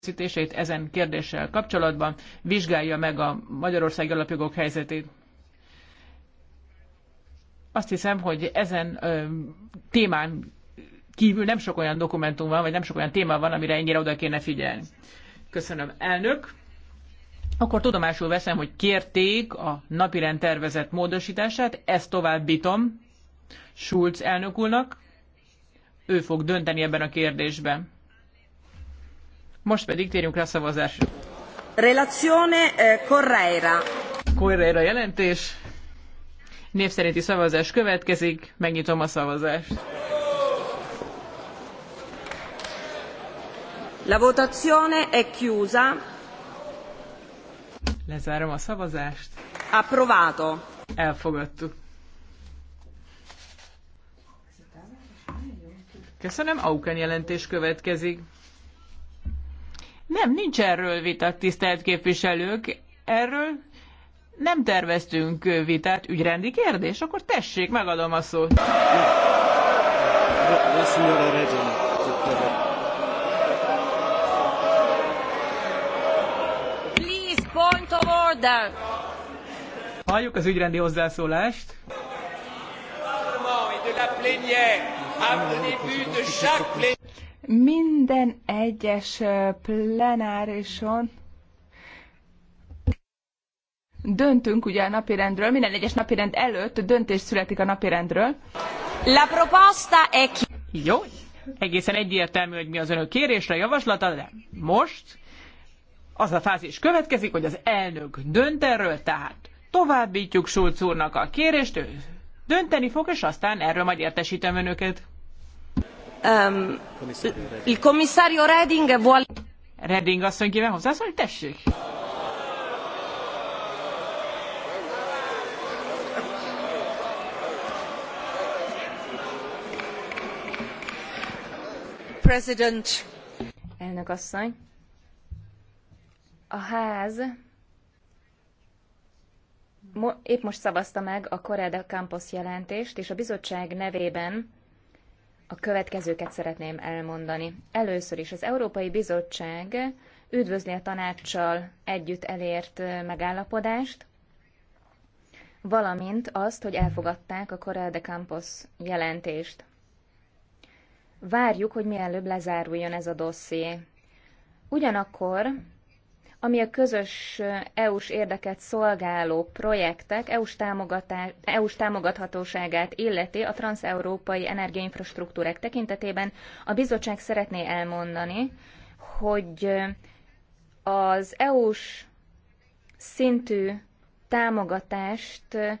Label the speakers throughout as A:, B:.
A: erőfeszítéseit ezen kérdéssel kapcsolatban, vizsgálja meg a Magyarország alapjogok helyzetét. Azt hiszem, hogy ezen ö, témán kívül nem sok olyan dokumentum van, vagy nem sok olyan téma van, amire ennyire oda kéne figyelni. Köszönöm, elnök. Akkor tudomásul veszem, hogy kérték a napirend tervezett módosítását, ezt továbbítom Schulz elnök úrnak. Ő fog dönteni ebben a kérdésben. Most pedig térjünk rá a szavazásra.
B: Relazione eh, Correira. Correira
A: jelentés. Név szerinti szavazás következik. Megnyitom a szavazást. La votazione è chiusa. Lezárom a szavazást. Approvato. Elfogadtuk. Köszönöm, Auken jelentés következik. Nem, nincs erről vita, tisztelt képviselők. Erről nem terveztünk vitát. Ügyrendi kérdés? Akkor tessék, megadom a szót.
B: Please, point of order.
A: Halljuk az ügyrendi hozzászólást. de
B: chaque minden egyes plenárison döntünk ugye a napirendről, minden egyes napirend előtt döntés születik a napirendről. La proposta
A: è ki... Jó, egészen egyértelmű, hogy mi az önök kérésre, javaslata, de most az a fázis következik, hogy az elnök dönt erről, tehát továbbítjuk Schulz úrnak a kérést, ő dönteni fog, és aztán erről majd értesítem önöket. Um, il commissario Reding vuole... Reding asszony kíván hozzászólni? Tessék!
C: President. Elnök asszony, a ház mo épp most szavazta meg a de Campos jelentést, és a bizottság nevében a következőket szeretném elmondani. Először is az Európai Bizottság üdvözli a tanácssal együtt elért megállapodást, valamint azt, hogy elfogadták a Corel de Campos jelentést. Várjuk, hogy mielőbb lezáruljon ez a dosszié. Ugyanakkor ami a közös eh, EU-s érdeket szolgáló projektek EU-s, eu támogathatóságát illeti a transeurópai energiainfrastruktúrák tekintetében. A bizottság szeretné elmondani, hogy eh, az EU-s szintű támogatást eh,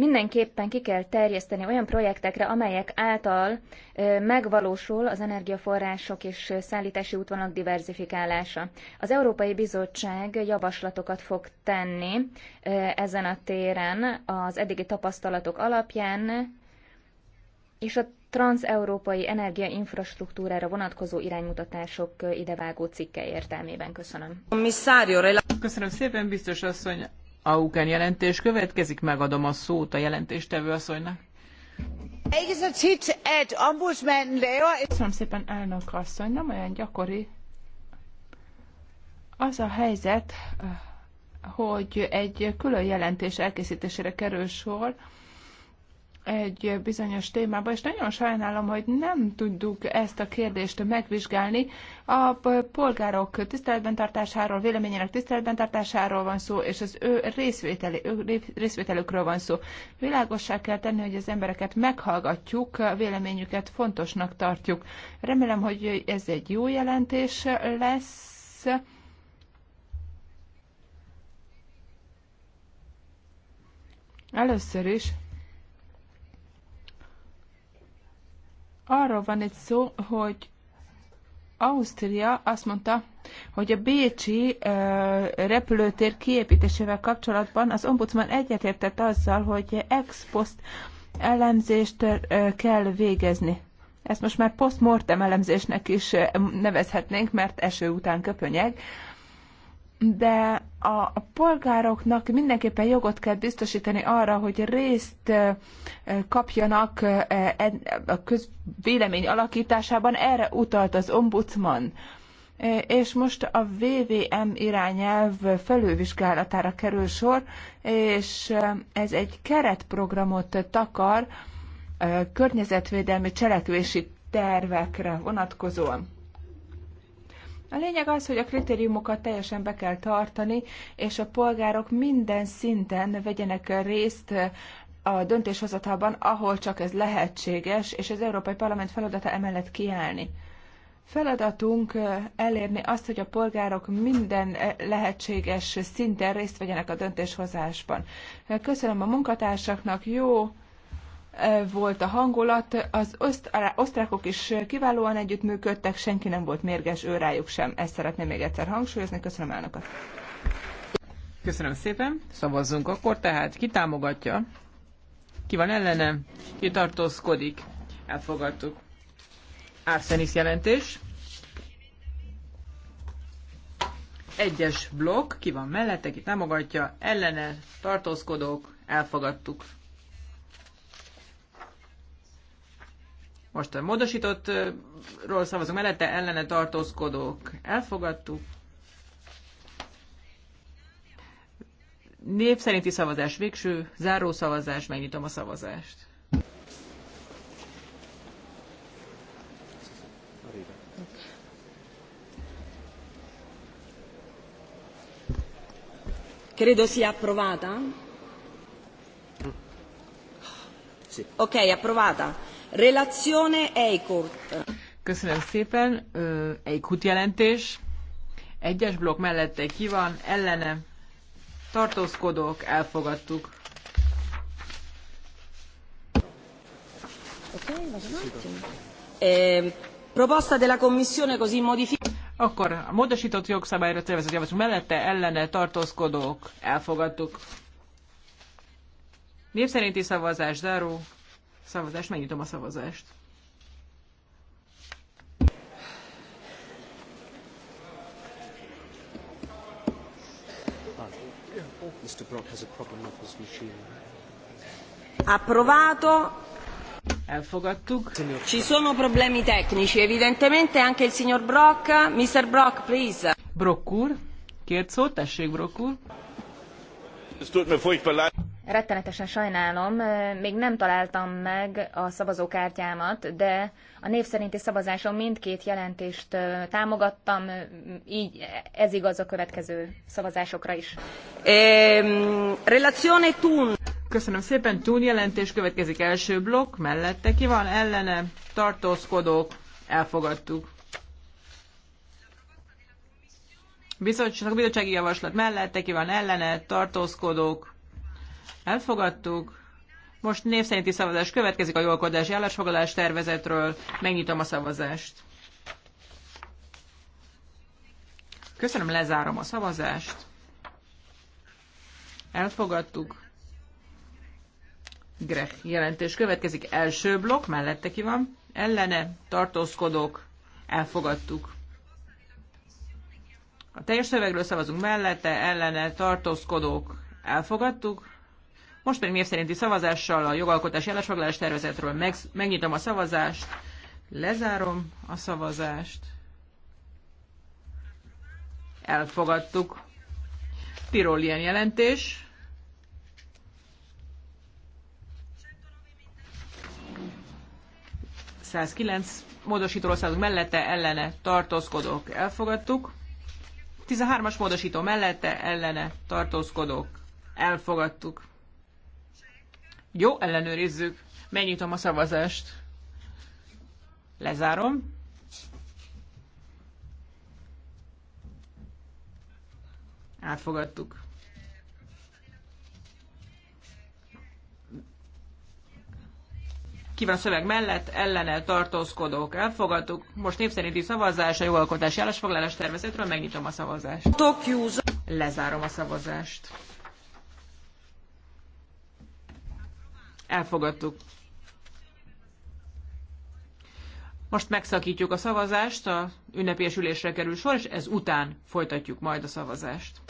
C: mindenképpen ki kell terjeszteni olyan projektekre, amelyek által megvalósul az energiaforrások és szállítási útvonalak diverzifikálása. Az Európai Bizottság javaslatokat fog tenni ezen a téren az eddigi tapasztalatok alapján, és a transeurópai energiainfrastruktúrára vonatkozó iránymutatások idevágó cikke értelmében. Köszönöm.
A: Köszönöm szépen, biztos asszony. Auken jelentés következik, megadom a szót a jelentéstevő asszonynak.
B: Köszönöm szépen, elnök asszony, nem olyan gyakori. Az a helyzet, eh, hogy egy külön jelentés elkészítésére kerül sor, egy bizonyos témába, és nagyon sajnálom, hogy nem tudjuk ezt a kérdést megvizsgálni. A polgárok tiszteletben tartásáról, véleményének tiszteletben tartásáról van szó, és az ő, részvételi, ő részvételükről van szó. Világossá kell tenni, hogy az embereket meghallgatjuk, a véleményüket fontosnak tartjuk. Remélem, hogy ez egy jó jelentés lesz. Először is arról van egy szó, hogy Ausztria azt mondta, hogy a Bécsi uh, repülőtér kiépítésével kapcsolatban az ombudsman egyetértett azzal, hogy ex post elemzést uh, kell végezni. Ezt most már post-mortem elemzésnek is nevezhetnénk, mert eső után köpönyeg. Uh, de a, a polgároknak mindenképpen jogot kell biztosítani arra, hogy részt kapjanak e, a közvélemény alakításában, erre utalt az ombudsman. És most a VVM irányelv felülvizsgálatára kerül sor, és ez egy keretprogramot takar környezetvédelmi cselekvési tervekre vonatkozóan. A lényeg az, hogy a kritériumokat teljesen be kell tartani, és a polgárok minden szinten vegyenek részt a döntéshozatalban, ahol csak ez lehetséges, és az Európai Parlament feladata emellett kiállni. Feladatunk elérni azt, hogy a polgárok minden lehetséges szinten részt vegyenek a döntéshozásban. Köszönöm a munkatársaknak, jó volt a hangulat, az osztrákok is kiválóan együttműködtek, senki nem volt mérges őrájuk sem. Ezt szeretném még egyszer hangsúlyozni. Köszönöm elnöket.
A: Köszönöm szépen. Szavazzunk akkor tehát. Ki támogatja? Ki van ellene? Ki tartózkodik? Elfogadtuk. Arsenis jelentés. Egyes blokk, ki van mellette, ki támogatja, ellene, tartózkodók, elfogadtuk. Most a módosítottról szavazunk mellette, ellene tartózkodók elfogadtuk. Név szerinti szavazás végső, záró szavazás, megnyitom a szavazást.
C: Credo sia approvata.
B: Ok, approvata. Relazione Eichhurt.
A: Köszönöm szépen. Eichhut jelentés. Egyes blokk mellette ki van, ellene. Tartózkodók, elfogadtuk. Ehm, proposta della Commissione così modificata. Akkor a módosított jogszabályra tervezett javaslatunk mellette ellene tartózkodók elfogadtuk. Népszerinti szavazás záró szavazás, megnyitom a szavazást. Mr. Brock has a problem with his machine.
B: Approvato. Elfogadtuk. Ci sono problemi tecnici, evidentemente anche il signor Brock. Mr. Brock, please.
A: Brock úr, kért szót, tessék Brock úr
C: rettenetesen sajnálom, még nem találtam meg a szavazókártyámat, de a név szerinti szavazáson mindkét jelentést támogattam, így ez igaz a következő szavazásokra is.
A: Ehm, relazione Tun. Köszönöm szépen, Tun jelentés következik első blokk, mellette ki van ellene, tartózkodók, elfogadtuk. Bizottság, bizottsági javaslat mellette ki van ellene, tartózkodók, Elfogadtuk. Most név szerinti szavazás következik a jólkodási állásfoglalás tervezetről. Megnyitom a szavazást. Köszönöm, lezárom a szavazást. Elfogadtuk. Grech jelentés következik. Első blokk, mellette ki van. Ellene, tartózkodók, elfogadtuk. A teljes szövegről szavazunk mellette, ellene, tartózkodók, elfogadtuk. Most pedig név szerinti szavazással a jogalkotás jelesfoglalás tervezetről meg, megnyitom a szavazást, lezárom a szavazást. Elfogadtuk. ilyen jelentés. Százkilenc módosító országok mellette ellene tartózkodók elfogadtuk. 13-as módosító mellette ellene tartózkodók elfogadtuk. Jó, ellenőrizzük. Megnyitom a szavazást. Lezárom. Átfogadtuk. Ki van a szöveg mellett, Ellenel tartózkodók. Elfogadtuk. Most népszerinti szavazás a jogalkotási állásfoglalás tervezetről. Megnyitom a szavazást. Lezárom a szavazást. Elfogadtuk. Most megszakítjuk a szavazást, a ülésre kerül sor, és ez után folytatjuk majd a szavazást.